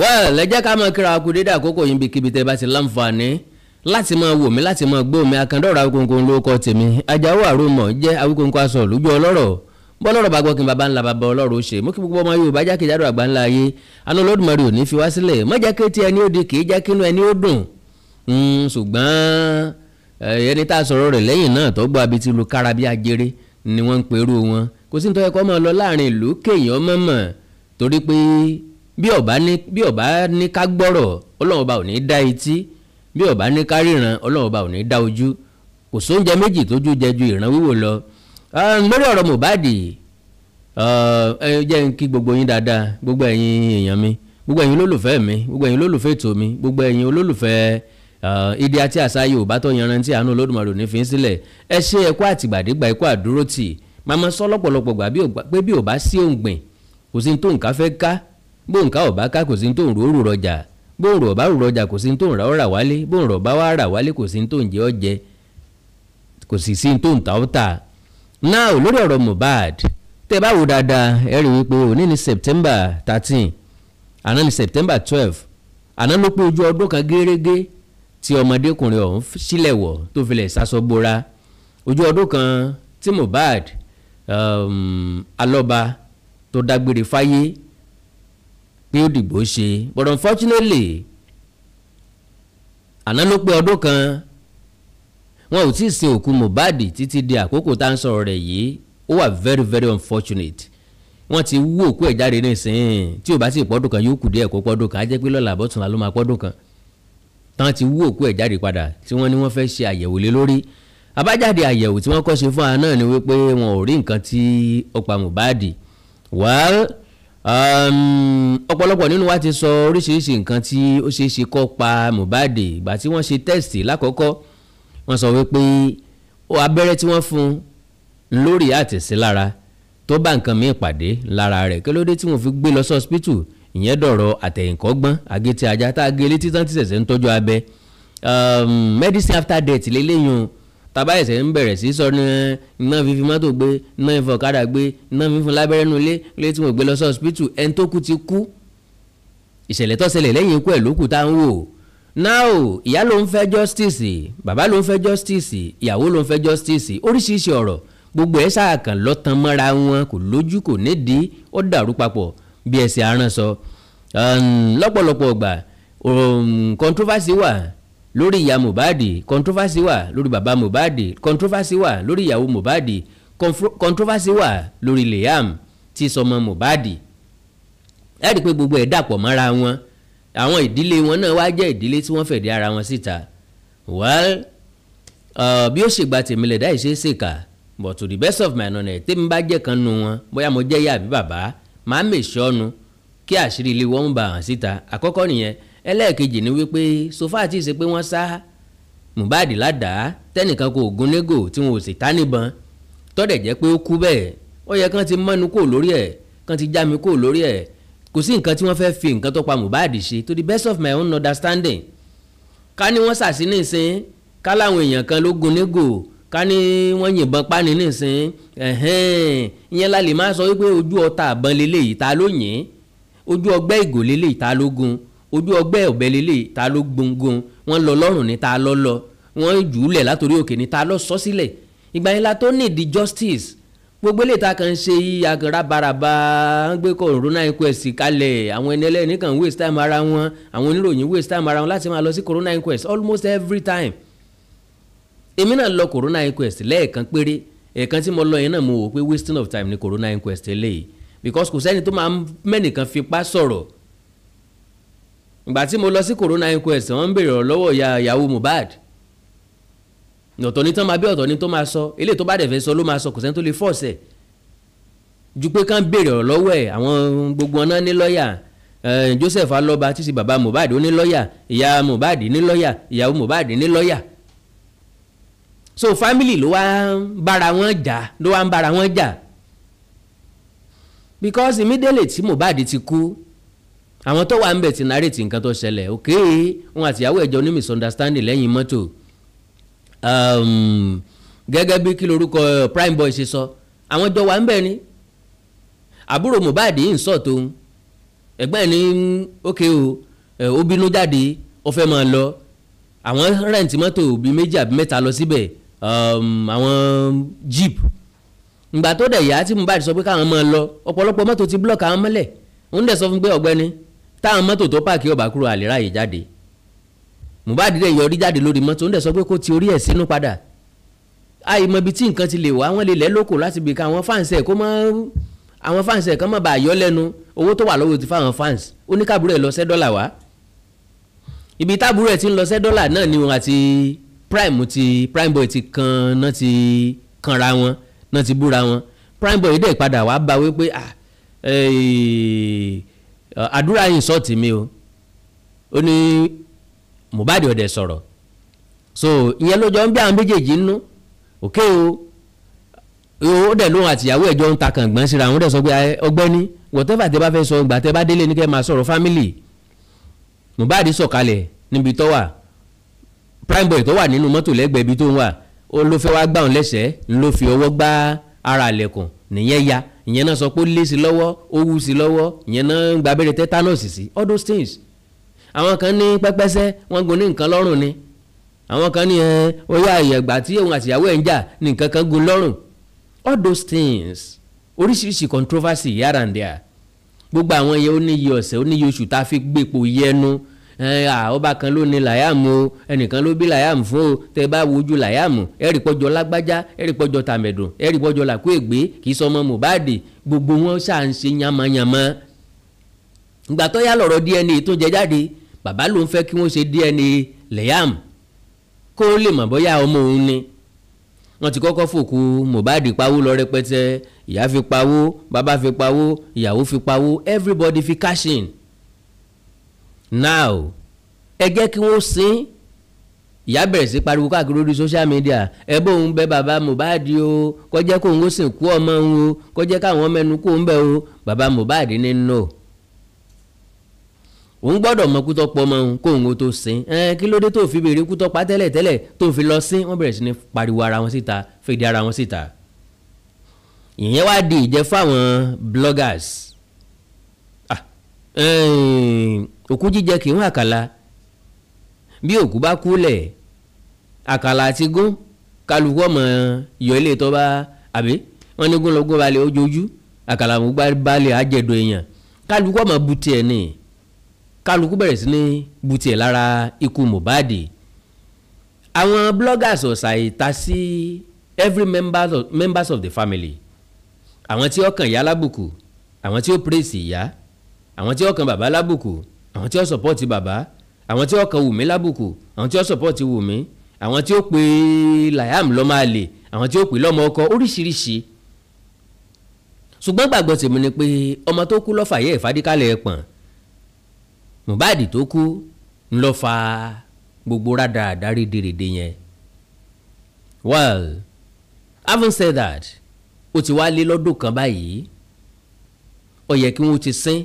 well ẹ jẹ́ ká máa kíra kú dédé àkókò yín bíkíbi tẹ́ bá ti láǹfààní láti máa wò mí láti máa gbọ́ mi àkàndọ̀rọ̀ Awíkonko lóko tèmi ajáwó àròmọ̀ jẹ́ Awíkonko aṣọ lójú ọlọ́rọ̀ bọ́lọ́rọ̀ bá gbọ́ kí n bàbá ńlá bàbá ọlọ́rọ̀ ó ṣe mú kí gbogbo ọmọ Yorùbá jákèjádò àgbà ńlá ayé àná Olódùmarè ò ní fi wá sílẹ̀ mọ́jà kéétí ẹni ó di kì í jẹ́ kínú ẹni ó dùn hmm, ṣùgbọ́n ẹni tá a sọ̀rọ̀ rẹ̀ lẹ́yìn náà tó gbọ́ abití lu kára bí ajere ni wọ́n ń perú wọn kò sí nítorí ẹ̀kọ́ máa lọ láàrin ìlú kéèyàn mọ̀mọ̀ torí pé bí ọba ní bí ọba ní ká gbọ́rọ̀ ọlọ́run ọba ò ní dá etí bí ọba ní ká ríran ọlọ́run ọba ò ní dá ojú kò sóúnjẹ méjì tójú jẹ ju ìran wíwò lọ lórí ọ̀rọ̀ Mohbad ẹ jẹ́ n kí gbogbo yín dáadáa gbogbo ẹ̀yin èèyàn mi gbogbo ẹ̀yin olólùfẹ́ mi gbogbo ẹ̀yin olólùfẹ́ ètò mi gbogbo ẹ̀yin olólùfẹ́ ìdí àti àṣà Yorùbá tó yanrantí àánú Olódùmarè ní fi ń sílẹ̀ ẹ ṣe ẹ̀kọ́ àtìgbàdégbà ẹ̀kọ́ àdúrótì màmá sọ lọ́pọ̀lọpọ̀ gbà pé bí ò bá sí òǹgbìn kò sí ní tó nǹkan fẹ́ ká bóńká ọ̀bá ká kò sí ní tó ń ròórù rọjà bóńrò ọ̀bá rò rọjà kò sí ní tó ń ra ọ̀rà wálé bóńrò ọ̀bá wá rà wálé kò sí ní tó jẹ ọ̀jẹ kò sì sí ní tó ń ta ọ̀tà. now lórí ọ̀rọ̀ Mohbad tẹ́ bá wò dáadáa ẹ rí wípé òní ni September thirteen àná ni September twelve àná ló pé ojú ọdún kan gẹ́rẹ́gẹ́ tí ọmọdékùnrin ọ̀hún sílẹ̀ wọ̀ tó filẹ̀ sásọ bora ojú ọdún kan tí Mohbad um, alọ́ba tó dágbére fáyé pé ó dìgbò ṣe but unfortunately àná ló pé ọdún kan wọn ò tí ì ṣe òkú Mohbad títí di àkókò tá à ń sọ̀rọ̀ rẹ̀ yìí ó wà very very unfortunate wọ́n ti wú òkú ẹ̀ jáde nísìnyìn tí ò bá sì pọ́dún kan yóò kù díẹ̀ kó pọ́dún kan á jẹ́ pé lọ́la àbọ̀tún la ló máa pọ́dún kan tán ti wú òkú ẹ̀ jáde padà tí wọ́n ní wọ́n fẹ́ ṣe àyẹ̀wò lé lórí àbájáde àyẹ̀wò tí wọ́n kọ́ ṣe fún wa ni wípé wọn ò rí nǹkan tí ó pa Mohbad well Um, ọ̀pọ̀lọpọ̀ nínú wa ti sọ oríṣiríṣi nǹkan tí ó ṣeé ṣe kó pa Mohbad ìgbà tí wọ́n ṣe tẹ́sítì lákọ̀ọ́kọ́ wọ́n sọ wípé abẹ́rẹ́ tí wọ́n fún lórí àtẹ̀sí lára tó bá nǹkan míì pàdé lára rẹ̀ kí ló dé tí wọ́n fi gbé lọ sí ọ̀sìpìtù ìyẹn dọ̀rọ̀ àtẹ̀yìnkọ́gbọ́n agétí ajá tá a gé létí tán ti ṣẹ̀ṣẹ̀ ń tọ́jú abẹ um, medicine after death lélẹ́yìn o tàbá ẹ̀sẹ̀ ń bẹ̀rẹ̀ sí sọ́ni iná fífi mọ́tò gbé iná ìfọ̀ ọ̀kadà gbé iná fífún lábẹ́rẹ́ nu ilé ilé tí wọ́n gbé lọ sí ọ̀sìpìtù ẹni tó kú ti kú ìṣẹ̀lẹ̀ tó lẹ́yìn ikú ẹ̀ ló kù tá ń wò now ìyá ló ń fẹ́ justice bàbá ló ń fẹ́ justice ìyàwó ló ń fẹ́ justice oríṣiríṣi ọ̀rọ̀ gbogbo ẹ̀ ṣàkàn lọ́tàn mọ́ra wọn kò lójú kò nídìí ó dàrú papọ̀ bí um, controversy wà lórí ìyá Mohbad controversy wà lórí bàbá Mohbad controversy wà lórí ìyàwó Mohbad controversy wà lórí Liam tí sọmọ Mohbad ẹ rí i pé gbogbo ẹ̀ dàpọ̀ mọ́ra wọn àwọn ìdílé wọn náà wá jẹ́ ìdílé tí wọ́n fẹ̀dí ara wọn síta well uh, bí ó ṣègbà tèmi lẹ̀ ṣèkà but to the best of my knowledge tèmi bá jẹ́ kan nu wọn bóyá mo jẹ́ ìyá àbí bàbá màá mèṣọ́nu kí àṣírí ilé wọn bá hàn síta àkọ́kọ́ nìyẹn ẹlẹ́ẹ̀kejì ni wípé sofa àti ìṣe pé wọ́n sá Mohbad ládàá tẹ́nìkan kò gún négò tí wọn ò sì ta níbọn tọ́dẹ̀ jẹ́ pé ó kú bẹ́ẹ̀ ó yẹ kán ti mọ́nu kò lórí ẹ̀ kán ti já mi kò lórí ẹ̀ kò sí nǹkan tí wọ́n fẹ́ẹ́ fi nǹkan tó pa Mohbad ṣe to the best of my own understanding ká ní wọ́n sàsí nísìn ká láwọn èèyàn kan ló gún négò ká ní wọ́n yìnbọn pani nísìn ẹ̀hẹ́n ìyẹn la lè máa sọ wípé ojú ọta àbọn leléyìí ta ló yìn ojú ọgbẹ́ ìgò leléyìí ta ló gún ojú ọgbẹ́ ọ̀bẹ lélẹ̀ ta ló gbóngbóng wọ́n lọ lọ́rùn ní ta lọ́ lọ wọ́n jù ú lẹ̀ látòrí òkè ní ta lọ́ sọ sílẹ̀ ìgbà yẹn la tó ní di justice gbogbo eléyìí ta kàn ń ṣe agara baraba ń gbé corona inquest kalẹ̀ àwọn ẹni ẹlẹ́ni kan waste time ara wọn àwọn oníròyìn waste time ara wọn láti máa lọ sí corona inquest almost every time èmi náà lọ corona inquest lẹ́ẹ̀kan péré ẹ̀ẹ̀kan tí mo lọ yẹn náà mo wò pé wasting of time ni corona inquest eléyìí because kò sẹ́ni tó máa mẹ́nìkan fipá sọ̀rọ̀ ìgbà tí mo lọ sí corona inquest wọ́n ń béèrè ọ̀rọ̀ lọ́wọ́ ìyá ìyàwó Mohbad ọ̀tọ̀ ni tán máa bí ọ̀tọ̀ ni tó máa sọ eléyìí tó bá dẹ̀ fẹ́ sọ ló máa sọ kò sẹ́ni tó lè fọ́ọ̀sẹ̀ ju pé kán béèrè ọ̀rọ̀ lọ́wọ́ ẹ̀ àwọn gbogbo ọ̀nà ní lọ́ọ̀yà Joseph Alọba tí sì bàbá Mohbad ó ní lọ́ọ̀yà ìyá Mohbad ní lọ́ọ̀yà ìyàwó Mohbad ní lọ́ọ̀yà so family ló wá ń bára wọn jà ló wá ń bára wọn jà because immediately tí Mohbad ti kú àwọn tó wà ń bẹ̀ ti narrate nǹkan tó ṣẹlẹ̀ ok wọn àtìyàwó ẹ̀jọ́ ní misunderstanding lẹ́yìn mọ́tò um, gẹ́gẹ́ bí kí lorúkọ uh, prime boy ṣe sọ àwọn jọ wà ń bẹ̀ ni àbúrò Mohbad yìí ń sọ tóun ẹ̀gbọ́n ní ok o ó bínú jáde ó fẹ́ máa lọ àwọn rẹ̀ǹtì mọ́tò bíi méjì àbí mẹ́ta lọ síbẹ̀ um, àwọn jeep ngbà tó dẹ̀ yá tí Mohbad sọ pé káwọn máa lọ ọ̀pọ̀lọpọ̀ mọ́tò ti block àwọn mọ́lẹ̀ òun dẹ̀ sọ fún pé ọ̀gbẹ́ni táwọn mọ́tò tó páàkì ọ̀bà kúrò àlèrà yìí jáde Mohbad dẹ̀ yọrí jáde lórí mọ́tò ń dẹ̀ sọ pé kó ti orí ẹ̀ sínú padà àìmọ̀ ibi tí nǹkan ti lè wá wọ́n lè lẹ́ lóko láti bìkan àwọn fáǹsì ẹ̀ kó mọ́ àwọn fáǹsì ẹ̀ kán mọ̀ bá yọ lẹ́nu owó tó wà lọ́wọ́ ti fáwọn fáǹsì ó ẹ̀ lọ sẹ́ dọ́là wá ibi táàbúrò ẹ̀ ti ń lọ sẹ́ dọ́là náà ni wọn àti prime ti prime boy ti kan náà ti kanra wọn náà ti búra wọn prime boy dẹ̀ padà wá bá wí ah eh àdúrà yìí sọ́ọ̀tì mi o ó ní Mohbad ọ̀dẹ̀ sọ̀rọ̀ so ìyẹn ló jọ ń bí àwọn méjèèjì nínú òkè o ó dẹ̀ lóhun àtìyàwó ẹ̀jọ́ ń ta kàngbọ́n síra àwọn dẹ̀ sọ pé ọgbẹ́ni whatever tẹ bá fẹ́ sọ ìgbà tẹ bá délé ní kẹ́ máa sọ̀rọ̀ family Mohbad sọ̀kalẹ̀ níbi tó wà prime boy tó wà nínú mọ́tò lẹ́gbẹ̀ẹ́ ibi tó ń wà ó ló fẹ́ wá gbà òun lẹ́sẹ̀ẹ́ ló fi ọwọ́ gbá ara àlẹ̀kùn nìyẹn ya ìyẹn náà sọ pé ó lé sí lọ́wọ́ ó wú sí lọ́wọ́ ìyẹn náà gba abẹ́rẹ́ tetanus sí all those things àwọn kan ní pẹ́pẹ́sẹ́ wọ́n gun ní nǹkan lọ́rùn ni àwọn kan ní ẹ ó yá tí òun àtìyàwó ẹ̀ ń jà ní nǹkan kan gun lọ́rùn all those things oríṣiríṣi controversy here and there gbogbo àwọn yẹn ó níye ọ̀sẹ̀ ó níye oṣù tá a fi gbèpò yẹnu ọba kan ló ní làyàmù o ẹnìkan ló bí làyàmù fún o tẹ bá wojú làyàmù ẹ̀rì pọ́jọ lágbájá ẹ̀rì pọ́jọ tàmẹ̀dùn ẹ̀rì pọ́jọ làkú ègbé kì í sọmọ Mohbad gbogbo wọn ṣáà yamayama ìgbà tó yá DNA tó jẹ jáde bàbá ló ń fẹ́ kí wọ́n ṣe DNA làyàmù kó lè mọ̀ bóyá ọmọ òun ni wọ́n ti kọ́kọ́ fòkú Mohbad pawó lọ rẹpẹtẹ ìyá fi pawó bàbá fi pawó ìyàwó fi pawó everybody fi cash now ẹ jẹ́ kí wọ́n sin ìyá bẹ̀rẹ̀ sí pariwo káàkiri orí social media ẹ bó ń bẹ bàbá Mohbad o kọjá kó ń sìnkú ọmọ òun o kọjá káwọn mẹnu kó ń bẹ o bàbá Mohbad ní no òun gbọ́dọ̀ mọ kútọ́ pọ̀ ọmọ òun kó òun tó sin ẹ kí ló dé tó fi béèrè kútọ́ pa tẹ́lẹ̀ tó fi lọ sin wọ́n bẹ̀rẹ̀ sí ní pariwo ara wọn síta fèdè ara wọn síta ìyẹn wá di ìjẹ́ fáwọn bloggers òkú jíjẹ kì í wọ́n àkàlà bí òkú bá kúlẹ̀ àkàlà àti gún kálukú ọmọ yọ ilé tó bá àbí wọ́n ní gún lọ́gún balẹ̀ ojoojú àkàlà mú balẹ̀ àjẹ̀dọ̀ èèyàn kálukú ọmọ butí ẹ̀ ní kálukú bẹ̀rẹ̀ sí ní butí ẹ̀ lára ikú Mohbad àwọn bloggers ọ̀sà ìta sí every members of, members of the family àwọn tí ó kàn yá àwọn tí ó praise ìyá àwọn tí ó kan bàbá lábùkù àwọn tí ó sọ̀pọ́ọ̀tì bàbá àwọn tí ó kan wùmí lábùkù àwọn tí ó sọ̀pọ́ọ̀tì wùmí àwọn tí ó pe Liam lọ́mọ àlè àwọn tí ó pe lọ́mọ ọkọ oríṣiríṣi ṣùgbọ́n gbàgbọ́ tèmi ni pé ọmọ tó kú lọ́fà yẹ ìfadíkálẹ̀ ẹ̀pọ̀n Mohbad tó kú ńlọ́fà gbogbo rádà àdárí dèrèdè yẹn well having said that ó ti wá lé lọ́dún kan báyìí ó yẹ kí wọ́n ti sin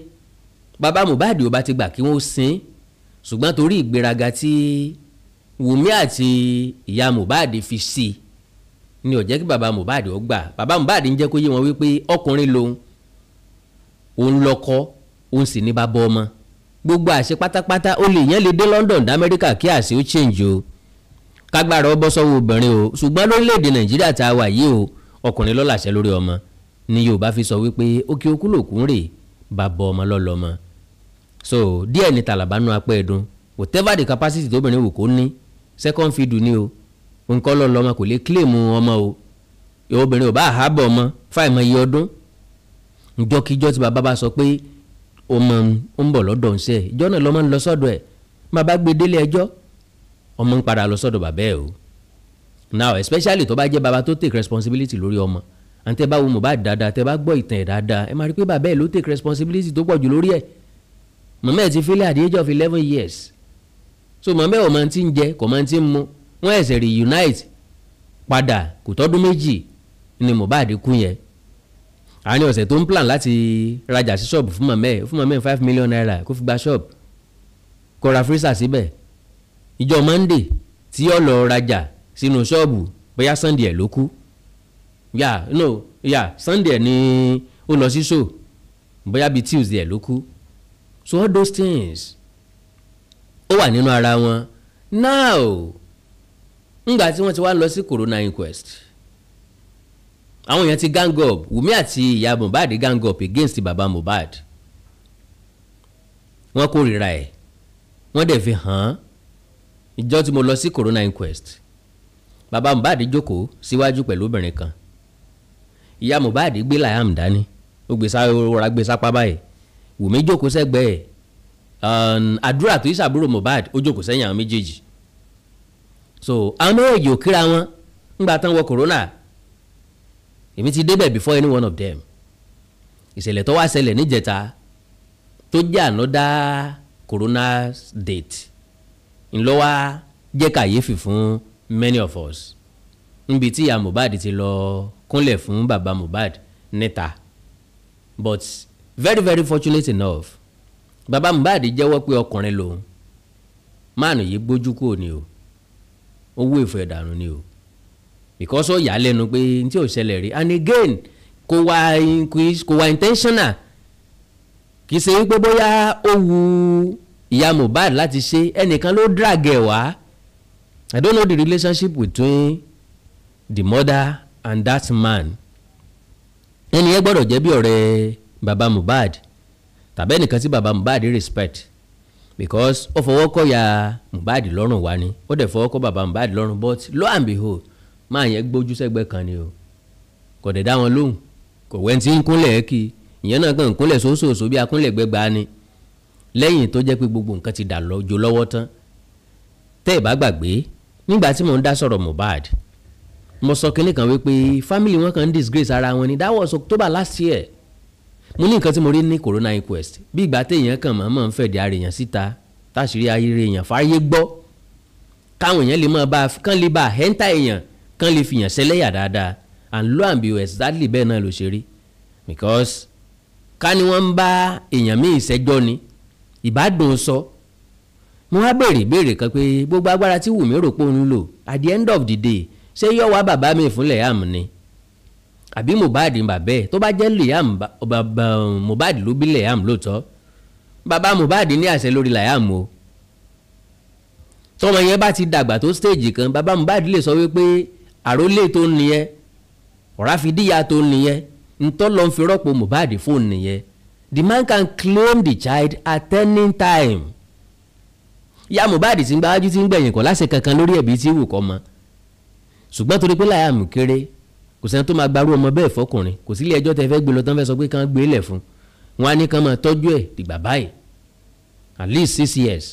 bàbá Mohbad ò bá ti gbà kí wọ́n sin ṣùgbọ́n torí ìgbéraga tí Wùmí àti ìyá Mohbad fi sí ni ò jẹ́ kí bàbá Mohbad ó gbà bàbá Mohbad ń jẹ́ kó yé wọn wípé ọkùnrin lòun òun lọ́kọ òun sì ní bàbá ọmọ gbogbo àṣẹ pátápátá ó lè yẹn lè dé London d'Amẹ́ríkà kí àṣẹ ó change o kágbára ọ bọ́ sọ́wọ́ obìnrin o ṣùgbọ́n lórílẹ̀‐èdè Nàìjíríà tá a wà yìí o ọkùnrin ló lórí ọmọ ni Yorùbá fi sọ wípé ó kí okú lòkú rè bàbá ọmọ lọ́lọ́mọ so díẹ̀ ní tàlàbà nù apẹ́ ẹ̀dùn whatever the capacity tóbìnrin wò kó ní second feed ni o nǹkan lọ́ọ́ lọ́mọ kò lè claim ọmọ o obìnrin ò bá àhábọ̀ ọmọ fáìmọ̀ iye ọdún njọ́kíjọ́ tí bàbá bá sọ pé ọmọ ń bọ̀ lọ́dọ̀ ń sẹ́ ìjọ́ náà lọ́mọ ń lọ sọ́dọ̀ ẹ̀ bàbá gbé délé ẹjọ́ ọmọ ń padà lọ sọ́dọ̀ bàbá ẹ̀ o now especially tó bá jẹ́ bàbá tó take responsibility lórí ọmọ àǹtẹ̀ bá wo Mohbad dáadáa tẹ́ bá gbọ́ ìtàn ẹ̀ dáadáa ẹ máa rí pé bàbá ẹ̀ ló take responsibility tó pọ̀ jù lórí ẹ̀ màmá ẹ̀ ti fílẹ̀ at the age of eleven years so màmá ẹ̀ ò máa ti ń jẹ kò máa ti ń mu wọ́n ẹ̀sẹ̀ reunite padà kò tọ́dún méjì ni Mohbad kú yẹn àárín ọ̀sẹ̀ tó ń plan láti rajà sí ṣọ́ọ̀bù fún màmá fún màmá five million naira kó fi gba ṣọ́ọ̀bù kó ra síbẹ̀ ìjọ Monday tí ó lọ rajà sínú ṣọ́ọ̀bù bóyá Sunday ẹ̀ ló kú yà no yà Sunday ẹ̀ ni ó lọ sí ṣò bóyá bíi Tuesday ẹ̀ ló kú so all those things ó wà nínú ara wọn now ngbà tí wọ́n ti wá lọ sí corona inquest àwọn èèyàn ti gang up Wùmí àti ìyá Mohbad gang up against baba Mohbad wọ́n kórìíra ẹ̀ wọ́n dẹ̀ fi hàn án ìjọ tí mo lọ sí corona inquest baba Mohbad jókòó síwájú pẹ̀lú obìnrin kan ìyá Mohbad gbé Liam dání ó gbé sápá báyìí wùmí jókòó sẹ́gbẹ̀ẹ́ àdúrà tó ìṣàbúrò Mohbad ó jókòó sẹ́yìn àwọn méjèèjì so àwọn méjèèjì ò kíra wọn ńgbà tán wọ corona èmi ti débẹ̀ before any one of them ìṣẹ̀lẹ̀ tó wá ṣẹlẹ̀ níjẹta tó jẹ́ ànádá corona date ńlọ́wọ́ jẹ́ kàyéfì fún many of us níbi tí ìyá Mohbad ti lọ kúnlẹ̀ fún bàbá Mohbad níta but very very fortunate enough bàbá Mohbad jẹ́wọ́ pé ọkùnrin lòun máàlù yìí gbójú kúrò ni o owó ìfọ̀ ẹ̀dànù ni o because ó yà á lẹ́nu pé n tí ò ṣẹlẹ̀ rí and again kò wá kò wá intentional kì í ṣe wípé bóyá ó wu ìyá Mohbad láti ṣe ẹnìkan ló drag ẹ̀ wá I don't know the relationship between the mother and that man ẹni ẹ gbọ́dọ̀ jẹ́ bí ọ̀rẹ́ ẹ̀ baba Mohbad tàbí ẹnìkan tí baba Mohbad respect because ó fọwọ́ kọ́ ya Mohbad lọ́rùn wá ni ó dẹ̀ fọwọ́ kọ́ baba Mohbad lọ́rùn but lo and behold máa yẹn gbójú sẹ́gbẹ́ kan ni o kò dẹ̀ dá wọn lóhùn kò wẹ́n tí ń kúnlẹ̀ kí ìyẹn náà kàn ń kúnlẹ̀ sóṣooṣo bí akúnlẹ̀ gbẹgbà ni lẹ́yìn tó jẹ́ pé gbogbo nǹkan ti dà lọ́jọ́ lọ́wọ́ tán tẹ́ ẹ̀ bá gbàgbé nígbà tí mò ń dá sọ̀rọ̀ Mohbad mo sọ kinní kan wípé family wọn kàn ń disgrace ara wọn ni that was October last year mo ní nǹkan tí mo rí ní corona inquest bí ìgbà téèyàn kàn máa máa ń fẹ̀dẹ̀ ara èèyàn síta táṣìírí ayére èèyàn fáyé gbọ́ káwọn èèyàn lè máa bá kán lè bá hẹ́ńtà èèyàn kán lè fìyàn ṣẹlẹ́yà dáadáa and lo and behold exactly bẹ́ẹ̀ náà ló ṣe rí because ká ní wọ́n ń bá èèyàn míì ṣẹjọ́ ni ìbádùn sọ mo wá béèrè béèrè kan pé gbogbo agbára tí Wùmí rò pé òun lò at the end of the day ṣé yọ wá bàbá mi ìfúnlẹ̀ àmì ni àbí Mohbad ń bà bẹ́ẹ̀ tó bá jẹ́ Liam um, Mohbad ló bí Liam lóòótọ́ bàbá Mohbad ní àṣẹ lórí Liam o tọmọ yẹn bá ti dàgbà tó stage kan bàbá Mohbad lè sọ wípé àrólé tó ń nìyẹn ọ̀rá fi díya tó ń nìyẹn ntọ́ lọ́n fi rọ́pò Mohbad fóònù nìyẹn the man can claim the child at any time ya Mohbad ti ń gbájú ti ń gbẹ̀yìn kọ́ láṣẹ kankan lórí ẹ̀bí tí wù kọ́ mọ́ ṣùgbọ́n torí pé Liam kéré kò sẹ́ni tó máa gbarú ọmọ bẹ́ẹ̀ fọkùnrin kò sílé ẹjọ́ tẹ fẹ́ gbé lọ tán fẹ́ sọ pé kán gbé lẹ̀ fún wọn á ní kán máa tọ́jú ẹ̀ dìgbà báyìí at least six years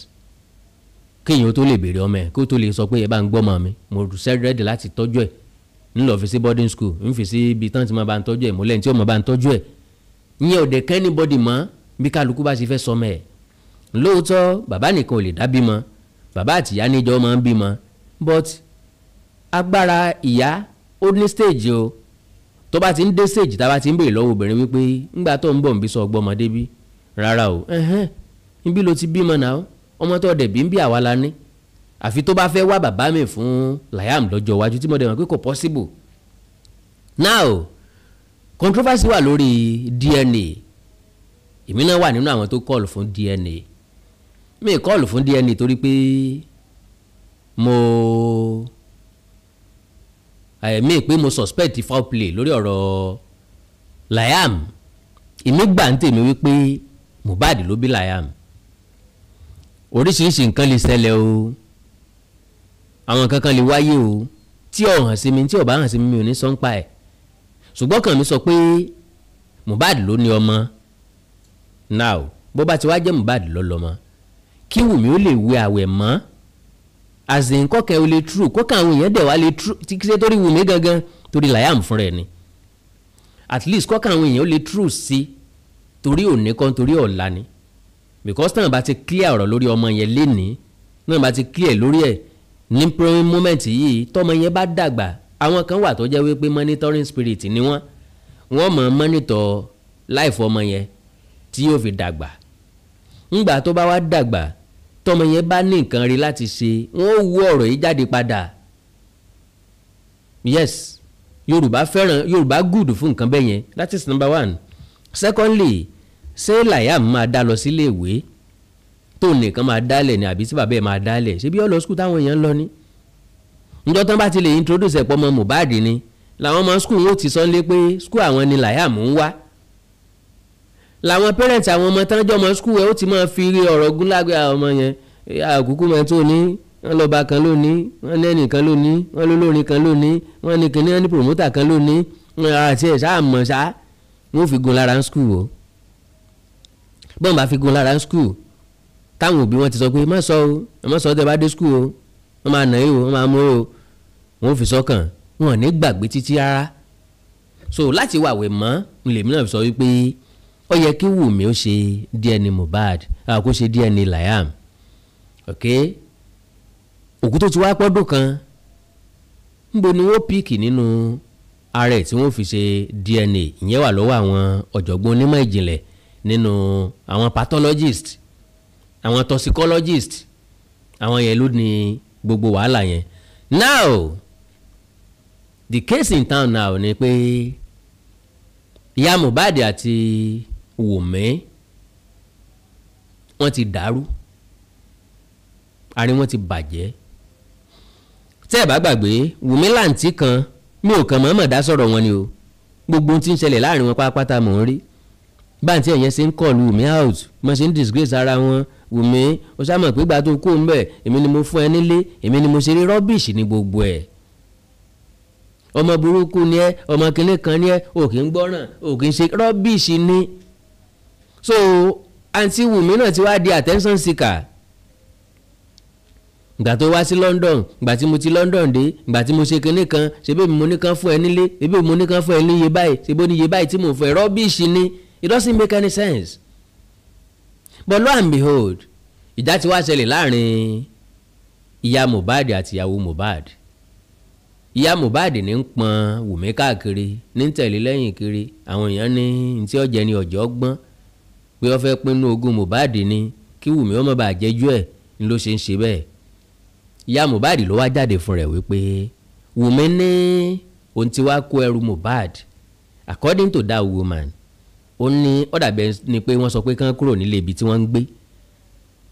kéèyàn tó lè béèrè ọmọ ẹ̀ kó tó lè sọ pé ẹ bá ń gbọ́ ọmọ mi mo sẹ́rẹ́dì láti tọ́jú ẹ̀ ńlọ fi sí boarding school ń fi sí ibi tán tí mo bá ń tọ́jú ẹ̀ mo lẹ́yìn tí ọmọ bá ń tọ́jú ẹ̀ ìyẹn ò dẹ̀ kẹ́ni bọ́dì mọ́ bí kálukú bá ṣe fẹ́ sọmọ ẹ̀ lóòótọ́ bàbá nìkan ò lè dá bàbá àtìyá níjọ́ máa ń bímọ but agbára ìyá ó ní stage o tó bá ti ń dé stage tá a bá ti ń béèrè lọ́wọ́ obìnrin wípé ńgbà tó ń bọ̀ nbí sọ ọgbọ́mọdé bí rárá o nbí ló ti bímọ náà ọmọ tó dẹ̀ bí ń bí àwa la ní àfi tó bá fẹ́ wá bàbá mi fún Liam lọ́jọ́ iwájú tí mo dẹ̀ mọ̀ pé kò possible now controversy wà lórí DNA èmi náà wà nínú àwọn tó kọ́ọ̀lù fún DNA mi kọ́ọ̀lù fún DNA torí pé mo àìmí pé mo suspect foul play lórí ọ̀rọ̀ Liam èmi gbà ń tèmi wípé Mohbad ló bí Liam oríṣiríṣi nǹkan lè ṣẹlẹ̀ o àwọn nǹkan kan lè wáyé o tí ò hàn sí mi tí ò bá hàn sí mi mi ò ní sọ́npa ẹ̀ ṣùgbọ́n kàn mí sọ pé Mohbad ló ní ọmọ now bó bá ti wá jẹ́ Mohbad ló kí Wùmí ó lè wé àwẹ̀ mọ́ àsìn kọ́kẹ́ o lè true kọ́kẹ́ àwọn èèyàn dẹ̀ wá lè true tí kí ṣe torí Wùmí gangan torí Liam fúnra ẹ̀ ni at least kọ́kẹ́ àwọn èèyàn lè true sí torí òní kan torí ọ̀la ni because táwọn bá ti clear ọ̀rọ̀ lórí ọmọ yẹn lénìí náà bá ti clear lórí ẹ̀ ní prime moment yìí tọmọ yẹn bá dàgbà àwọn kan wà tó jẹ́ wípé monitoring spirit ni wọ́n wọ́n mọ̀ monitor life ọmọ yẹn tí yóò fi dàgbà ńgbà tó bá wá dàgbà tọmọ yẹn bá ní nǹkan rí láti ṣe wọ́n wú ọ̀rọ̀ yìí jáde padà yes yorùbá fẹ́ràn yorùbá gùdù fún nǹkan bẹ́ẹ̀ yẹn that is number one secondly ṣé liam máa dá lọ sílé ìwé tó nìkan máa dálẹ̀ ni àbí tí bàbá ẹ̀ máa dálẹ̀ ṣé bí ó lọ skul táwọn èèyàn lọ ni njọ́ tán bá ti lè introduce ẹ̀ pọ̀ ọmọ mohbad ni làwọn ọmọ skul wọn ò ti sọ lé pé skul àwọn ni liam ń wá làwọn parent àwọn ọmọ tán jọmọ skul ẹ ó ti máa fi rí ọ̀rọ̀ gún lágbé àwọn ọmọ yẹn àkúkú mọ tó ní wọ́n lọ́ba kan lónìí wọ́n lẹ́nì kan lónìí wọ́n lólórin kan lónìí wọ́n ní kìnìún wọ́n ní promoter kan lónìí wọ́n àti ẹ̀ sáà mọ̀ sáà wọ́n fi gun lára skul o bọ́n bá fi gun lára skul táwọn òbí wọn ti sọ pé má sọ o má sọ tẹ bá dé skul o wọ́n máa nà yìí o wọ́n máa mú o wọ́n fi sọ́kàn wọn ò ní gbàgbé títí rárá so láti wàwẹ̀ mọ́ lèmi náà sọ wípé ó yẹ kí Wùmí ó ṣe DNA Mohbad kó ṣe DNA Liam ok òkú tó ti wá pọ́dún kan níbo ni wọ́n píìkì nínú ara ẹ̀ tí wọ́n fi ṣe DNA ìyẹn wà lọ́wọ́ àwọn ọ̀jọ̀gbọ́n onímọ̀ ìjìnlẹ̀ nínú àwọn pathologist àwọn toxicologist àwọn yẹn ló ní gbogbo wàhálà yẹn now the case in town now ni pé ìyá Mohbad àti wòmí wọ́n ti dàrú àárín wọ́n ti bàjẹ́ tẹ́ ẹ̀ bá gbàgbé wùmí làǹtí kan mi ò kàn mọ̀ọ́mọ̀ dá sọ̀rọ̀ wọn ni o gbogbo ohun tí ń ṣẹlẹ̀ láàrin wọn pátápátá mò ń rí báńtí ẹ̀yẹn ṣe ń kọlu wùmí out mo ṣe ń disgrace ara wọn wùmí o ṣá mọ̀ pé gba tó kó ń bẹ̀ èmi ni mo fún ẹ nílé èmi ni mo ṣe rí rọ́bìṣì ní gbogbo ẹ̀ ọmọ burúkú ni ẹ ọmọ kinní kan ni ẹ ò kì gbọ́ràn ò kì ṣe rọ́bìṣì ni so àǹtí Wùmí náà ti wá di attention seeker gbà tó wá sí London gbà tí mo ti London dé gbà tí mo ṣe kinní kan ṣebí mo ní kan fún ẹ nílé ṣebí mo ní kan fún ẹ níye báyìí ṣebí ní iye báyìí tí mo fún ẹ rubbish ni it doesn't make any sense but lo and behold ìjà ti wá ṣẹlẹ̀ láàrin ìyá Mohbad àti ìyàwó Mohbad ìyá Mohbad ní ń pọn Wùmí káàkiri ní ń tẹ̀lé lẹ́yìn kiri àwọn èèyàn ní ntí ọ̀jẹ̀ ni ọ̀jọ̀ gbọ́n pé wọ́n fẹ́ pinnu ogún Mohbad ni kí Wùmí ọmọ bá jẹ́jú ẹ̀ ni ló ṣe ń ṣe bẹ́ẹ̀ ìyá Mohbad ló wá jáde fún rẹ̀ wípé Wùmí ní òun ti wá kó ẹrù Mohbad according to that woman ó ní ọ̀dàbẹ̀ ni pé wọ́n sọ pé kán kúrò nílé ibi tí wọ́n ń gbé